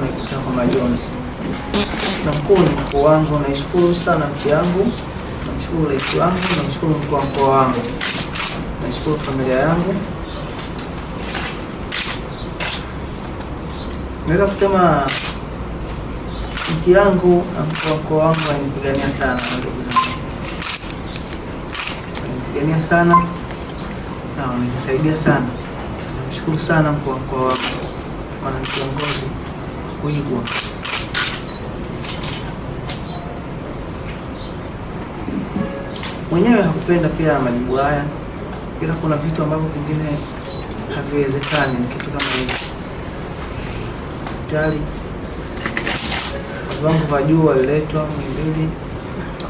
ni Kitako Majonzi. Namkuu mkuu wangu, naishukuru sana mti yangu, namshukuru rais wangu, namshukuru mkuu wa mkoa wangu, naishukuru familia yangu. Naweza kusema mti yangu na mkuu wa mkoa wangu wanipigania sana, ndugu zangu, wanipigania sana na wanisaidia sana. Namshukuru sana mkuu wa mkoa wangu, mwana kiongozi kuigwa. Mwenyewe hakupenda pia majibu haya, ila kuna vitu ambavyo pengine haviwezekani. Ni kitu kama hivi tayari viwango vya juu waliletwa Muhimbili,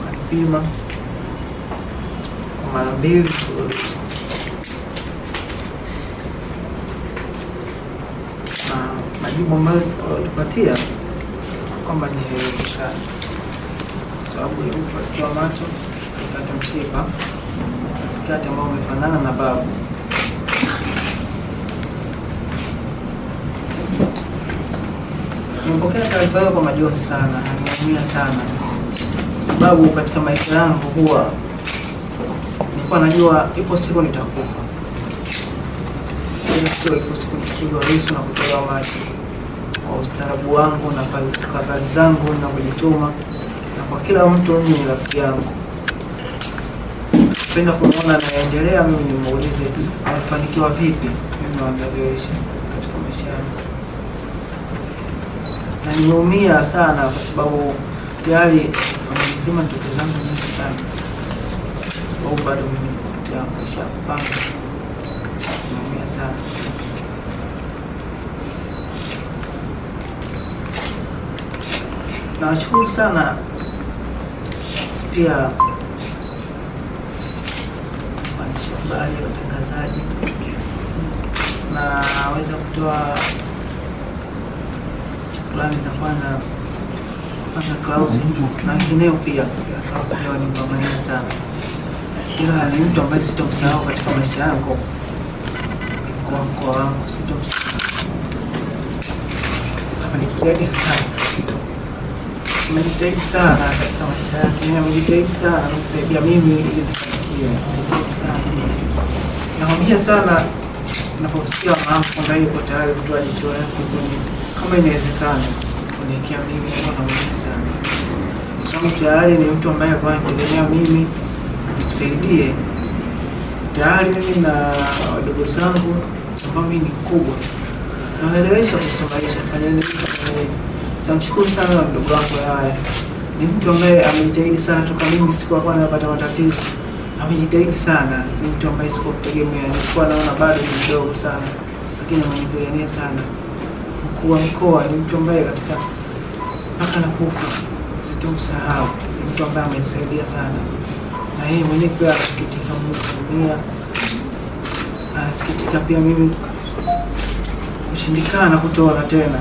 wakapima kwa mara mbili majibu ambayo kwamba ni haiwezekani, sababu ya mtu akiwa macho kata msiba kati ambao umefanana na babu Nimepokea taarifa kwa majonzi sana, nimeumia sana, kwa sababu katika maisha yangu huwa nilikuwa najua ipo siku nitakufa, ipo siku nitapigwa visu na kutolewa macho ustarabu ustaarabu wangu na kwa kazi zangu na kujituma, na kwa kila mtu mimi ni rafiki yangu. Napenda kumwona anaendelea, mimi nimuulize amefanikiwa vipi, mimi wamegeushi katika maisha yangu, na nimeumia sana kwa sababu tayari wamezima ndugu zangu nyingi sana, au bado mimi kupitia maisha Nawashukuru sana pia waandishi wa habari, watangazaji, naweza kutoa shukrani za kwanza kwanza Klausi na wengineo pia. Klausi leo ni mtu mwema sana, ila ni mtu ambaye sitomsahau katika maisha yangu kwa mkoa wangu, sitomsahau kama ni sana Amejitahidi sana katika maisha yake, amejitahidi yaani sana kusaidia mimi ili kufanikiwa, amejitahidi sana. naposikia mama kwamba yuko tayari kutoa jicho lake kwenye, kama inawezekana, kuniwekea mimi, naamini sana kwa sababu tayari ni mtu ambaye alikuwa anategemea mimi nikusaidie. Tayari mimi na wadogo zangu ambao mimi ni kubwa, nawaelewesha kusoma maisha, fanyeni Namshukuru sana na mdogo wako Yaya, ni mtu ambaye amejitahidi sana toka mimi siku ya kwanza napata matatizo, amejitahidi sana. Ni mtu ambaye sikukutegemea, nilikuwa naona bado ni mdogo sana, lakini amenipigania sana. Mkuu wa mkoa ni mtu ambaye katika mpaka kufa sitamsahau, ni mtu ambaye amenisaidia sana, na yeye mwenyewe pia anasikitika mia, anasikitika pia mimi kushindikana kutoona tena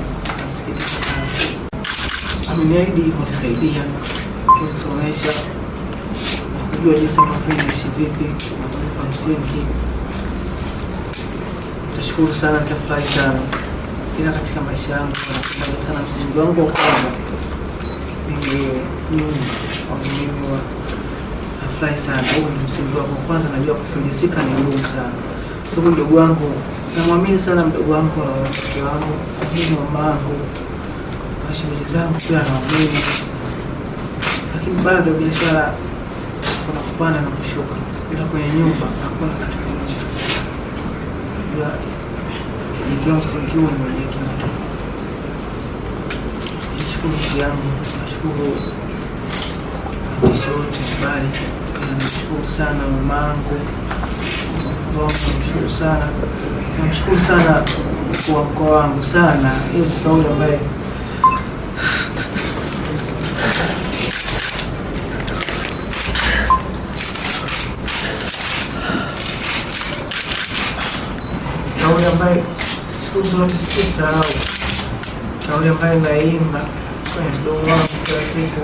umeniahidi kunisaidia kunisomesha na kujua jinsi ambavyo naishi vipi na kunipa msingi. Nashukuru sana, nitafurahi sana ina katika maisha yangu nakupenda sana. Msingi wangu wa kwanza ningewe Mungu wamimiwa, nafurahi sana. Huu ni msingi wangu kwanza. Najua kufilisika ni ngumu sana, sababu mdogo wangu namwamini sana, mdogo wangu na mke wangu, mama wangu kwa shughuli zangu pia naongeza, lakini bado biashara kuna kupanda na kushuka, ila kwenye nyumba hakuna kitu kimoja. Kijikia msingi huu nimejiwekea tu. Nashukuru nchi yangu, nashukuru waandishi wote mbali, nashukuru sana mamangu, nashukuru sana, namshukuru sana kwa wa mkoa wangu sana, hiyo kauli ambaye kauli ambaye siku zote situsahau, kauli ambaye naimba kwenye mdomo wangu kila siku.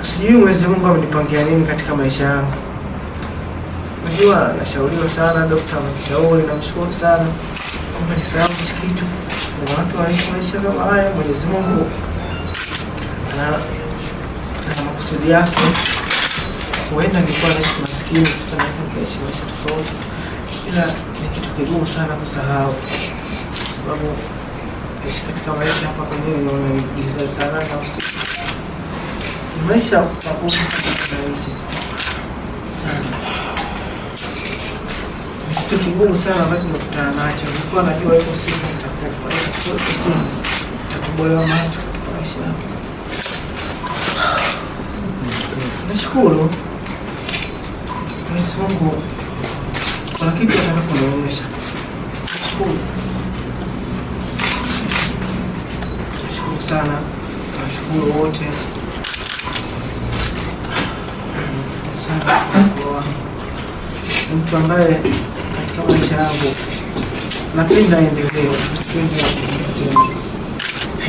Sijui Mwenyezi Mungu amenipangia nini katika maisha yangu. Najua nashauriwa sana, dokta ameshauri, namshukuru sana kwamba nisahau hichi kitu. Watu waishi maisha kama haya, Mwenyezi Mungu ana makusudi yake. Huenda nilikuwa naishi maskini, sasa naweza nikaishi maisha tofauti. Subira ni kitu kigumu sana kusahau, kwa sababu katika maisha hapa kwenyewe naona ni giza sana na usiku, maisha magumu naishi sana, ni kitu kigumu sana ambacho nimekutana nacho. Nilikuwa najua iko siku nitakufa, iko siku nitakobolewa macho katika maisha yangu. Nashukuru Mwenyezi Mungu kuna kitu nataka kunionyesha. Nashukuru, sana, nashukuru wote sana kwa mtu ambaye katika maisha yangu napenda endeleo, sipenda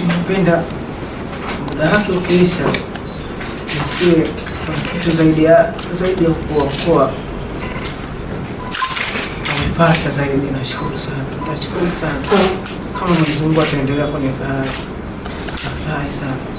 napenda muda wake ukiisha nisikie kitu zaidi ya zaidi ya kuokoa tumepata zaidi. Nashukuru sana, nitashukuru sana kama Mwenyezi Mungu ataendelea kunibariki. Nafurahi sana.